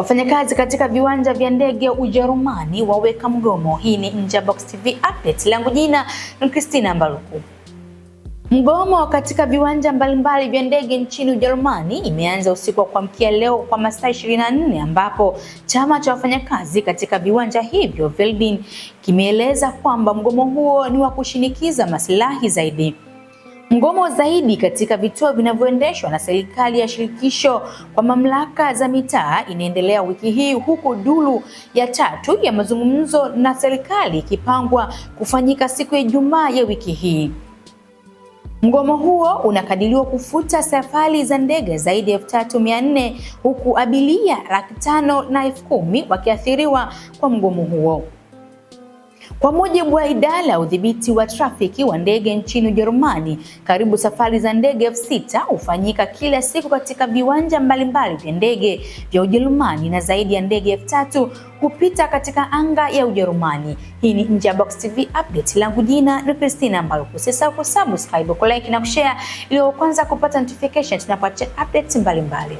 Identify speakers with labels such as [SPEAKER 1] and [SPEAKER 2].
[SPEAKER 1] Wafanyakazi katika viwanja vya ndege Ujerumani waweka mgomo. Hii ni Nje ya Box TV update, langu jina ni Christina Mbaruku. Mgomo katika viwanja mbalimbali vya ndege nchini Ujerumani imeanza usiku wa kuamkia leo kwa masaa 24 ambapo chama cha wafanyakazi katika viwanja hivyo velbin kimeeleza kwamba mgomo huo ni wa kushinikiza maslahi zaidi. Mgomo zaidi katika vituo vinavyoendeshwa na serikali ya shirikisho kwa mamlaka za mitaa inaendelea wiki hii huku duru ya tatu ya mazungumzo na serikali ikipangwa kufanyika siku ya Ijumaa ya wiki hii. Mgomo huo unakadiriwa kufuta safari za ndege zaidi ya elfu tatu mia nne huku abiria laki tano na elfu kumi wakiathiriwa kwa mgomo huo. Kwa mujibu wa idara ya udhibiti wa trafiki wa ndege nchini Ujerumani, karibu safari za ndege elfu sita hufanyika kila siku katika viwanja mbalimbali vya ndege vya Ujerumani na zaidi ya ndege elfu tatu hupita katika anga ya Ujerumani. Hii ni Nje ya Box TV update, langu jina ni Christina Mbaluku. Usisahau kusubscribe, kulike na kushare ili uanze kupata notification tunapoacha update mbalimbali.